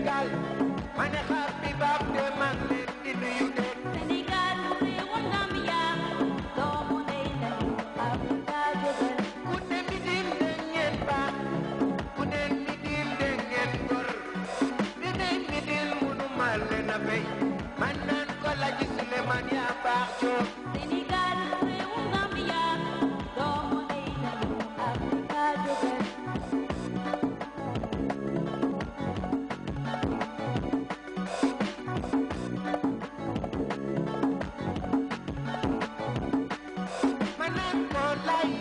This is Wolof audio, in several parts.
Sénégal ma ne xaar bi baab te man leen di nuyu like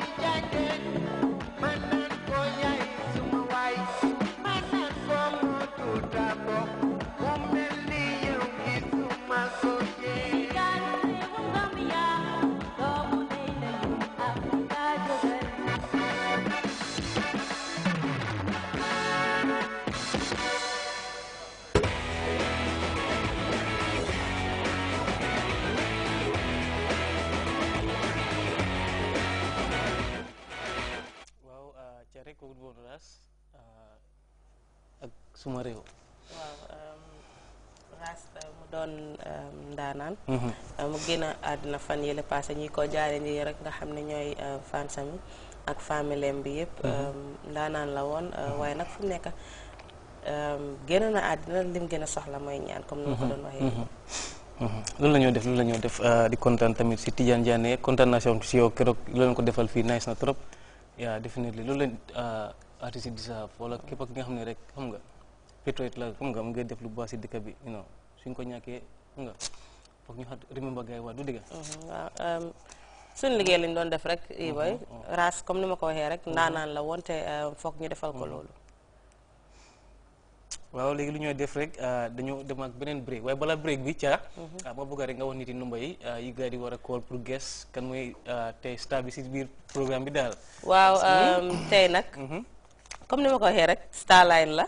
suma rew um, ras mu doon mu génn àddina fan yële passé ko jaare uh, fansami ak bi yëpp mm-hmm. um, ndaanaan la woon uh, waaye nag fu um, génn na àddina lim gën a soxla mooy ñaan comme di kontaan tamit si kontaan naa si yow keroog loolu ko nice na trop definitely loolu uh, di sa wala képp ak rek xam petroit la xam nga mu ngay def lu baax ci dëkk bi you know suñ ko ñaké xam nga foog ñu xat remember mhm, gay iya, mhm, mhm. wa du dëgg waaw suñ liggéey liñ doon def rek i eh, boy raas comme nima ko waxé rek nanan la wonté foog ñu defal ko lolu waaw léegi lu ñoy def rek dañu dem ak benen break way bala break bi ca ya. bo bëgg rek nga won nit yi numba yi yi eh, gars yi war call pour guest kan moy eh, tay star bi ci bir programme bi dal waaw tay nak comme nima ko waxé rek star line la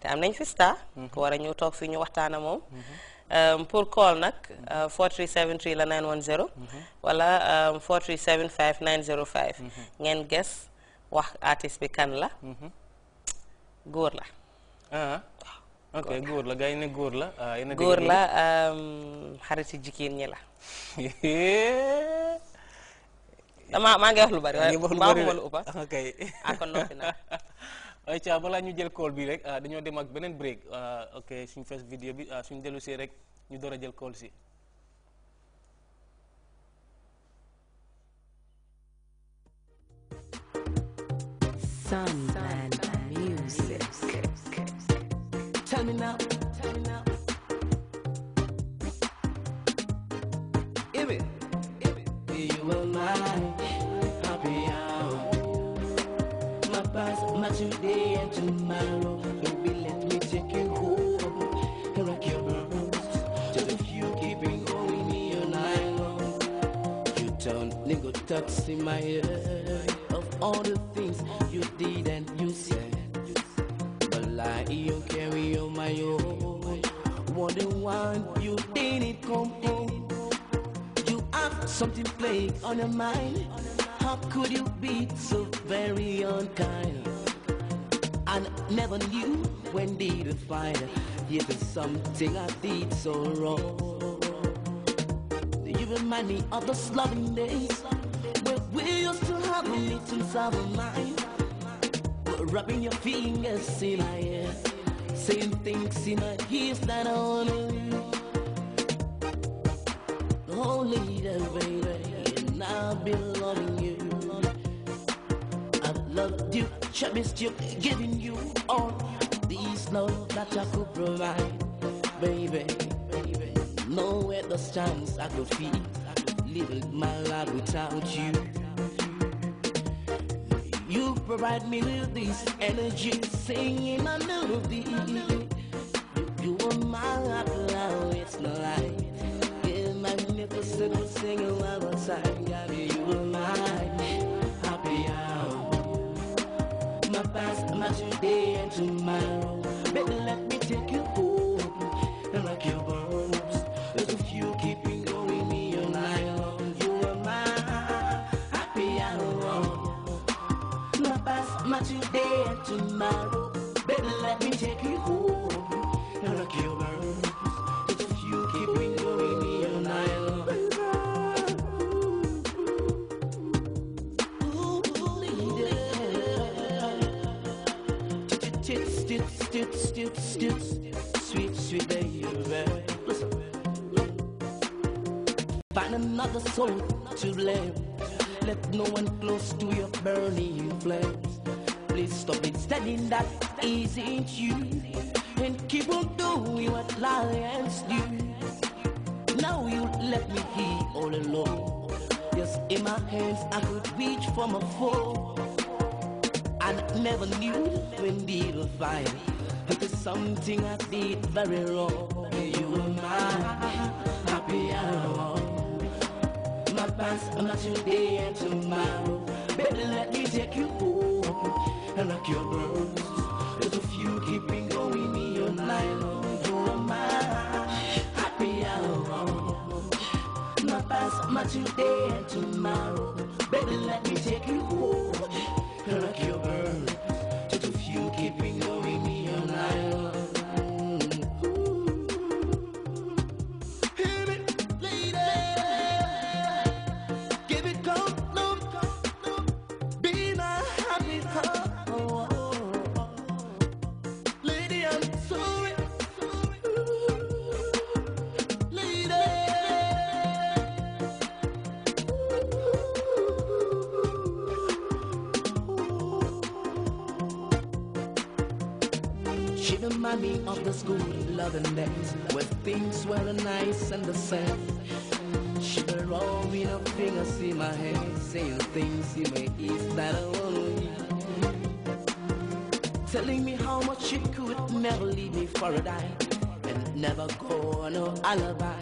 te am nañ fi star mhm. ku war a ñëw toog fii ñu waxtaana moom um, pour call nag 4373 mhm. uh, la 910 mhm. wala 4375 um, 905 ngeen ges wax artiste bi kan la góor la ah, ah. góor la gars yi ne góor la ah, góor la um, xariti jigéen ñi la maa ngi wax lu bari waaye baaxuma lu uppa ak ah, noppi naa ay ca balaa ñu jël call bi rek ah, dañu dem ak benen break ah, ok suñu fess vidéo bi ah, suñu delu ci rek ñu dara jël call ci sun Sunland Music. Turning up, turning up. If it, if it, be you alive. my today and tomorrow. Baby, let me take you home. Here I your around. Just if you keep it going me all night long. You turn nigga talks in my head. Of all the things you did and you said. But like you carry on my own. What the one you didn't come home. You have something playing on your mind. How could you be so very unkind? Never knew when did I find Yet there's something I did so wrong You remind me of those loving days When we used to have a meeting of mine Rubbing your fingers in my ear Saying things in my ears that I wanna Only the baby And I'll be Chemist, you're giving you all these love that I could provide, baby. Nowhere the stands I could feel, living my life without you. You provide me with this energy, singing a melody. You are my love, it's not like. Give magnificent, singing all the time, God, you are mine. my past, my today and tomorrow. Baby, let me take you home and rock your bones. Cause if you keep me going, me all night long, you are my happy hour. My past, my today and tomorrow. Baby, let me take you home and rock your stoop, stoop, stoop, sweet, sweet baby. Listen. Find another soul to blame. Let no one close to your burning flames. Please stop it standing that isn't you. And keep on doing what lions do. Now you let me be all alone. Yes, in my hands I could reach for my phone. I never knew when indeed find fire. There's something I did very wrong. You were my happy hour. My past, my today and tomorrow. Baby, let me take you home and rock your world. There's a few keeping going in your night You were my happy hour. My past, my today and tomorrow. Baby, let me take you home. me of the school loving days Where things were nice and the same She'd roll rolling her fingers in my hair Saying things in my ears that I won't Telling me how much she could never leave me for a dime And never go on alibi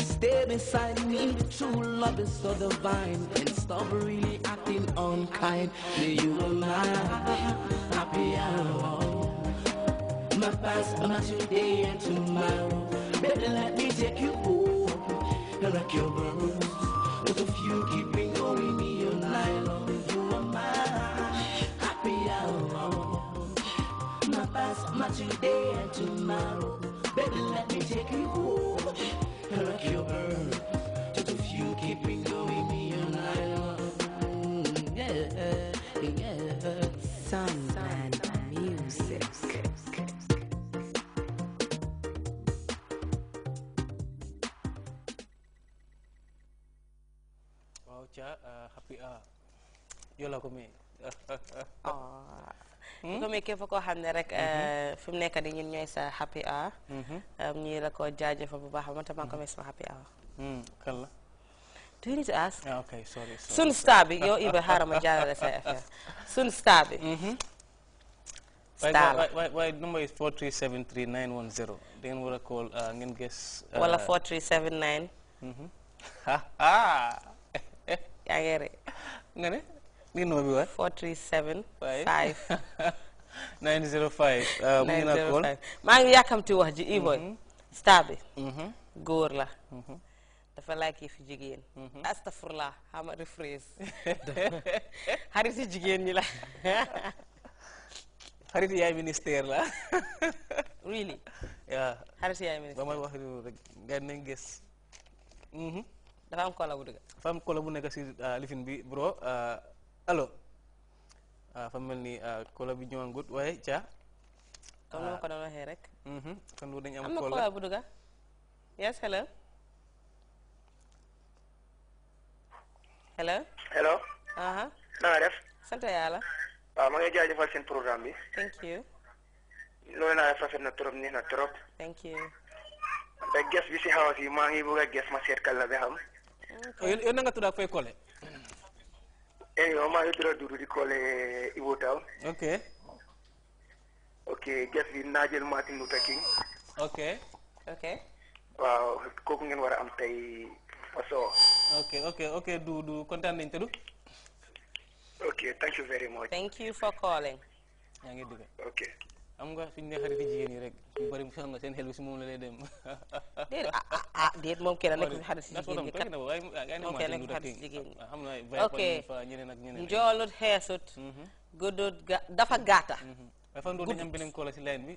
Stay beside me, true love is so divine And stop really acting unkind, you are mine us about today and tomorrow. Baby, let me take you home and rock your bones. But if you keep me going, me all night long, you are my happy hour. My past, my today and tomorrow. Baby, let me take you home and rock your world. Yaucha uh, eh, happy hour ko mi bu oh. hmm? koo xam ne rek eh, mm-hmm. fi mu nekk di ñun ñooy sa happy hour mm-hmm. eh, ñii la ko jaajëfal bu baax ma tam maa ko may sama happy hour hmm, la do you need to ah, star bi yow Iba xaaral ma jaarale say affaire sun star bi mm-hmm. star la waaye number is 4373910 da uh, ngeen war yaa ngi rey. nga ne numéro bi waay. 437. waay 5. 905. mu ngi naan call 905 maa ngi yàkkamti wax ji Iboy. star bi. la. dafa like fi jigéen. astafurlah xama rephrase. xarit yi jigéen ñi la. xarit yaay la. really. Ya. xarit yaay minister. ba wax rek nga ne dafa am kola bu dëgg dafa am kola bu nekk si euh, lifin bi bro euh, allo euh, fa mel ni kola bi ñëwangut waaye ca comme ni ma ko doon waxee rek mhm, kon bu dañ am kola am na kola bu dëgg yes hello hello hello aha uh-huh. na nga def sant yàlla waaw ma ngi jaajëfal seen programme bi thank you loolu naa def rafet na trop ni na trop thank you te ges bi si xawas yi maa ngi bëgg a ges ma seet kan la ba xam yow na nga tudd ak fooy collé. Eh, maa ngi tudd Doudou di collé Ibo Town. ok. ok guest bi Nigel Martin Luther King. ok. ok. waaw kooku ngeen war a am tey Faso. ok ok ok Doudou kontaan nañu te du. ok thank you very much. thank you for calling. yaa ngi dugg. ok. am nga suñ ne xariti jigéen yi rek ñu bëri xam na seen xel bi si moom la lay dem déet ah ah, ah déet moom kenn nekk xarit si jigéen ñi kat moom kenn nekk xarit si jigéen ñi ok njoolut xeesut mhm. guddut dafa gaata mhm. dafa ndoon dañu am beneen si line bi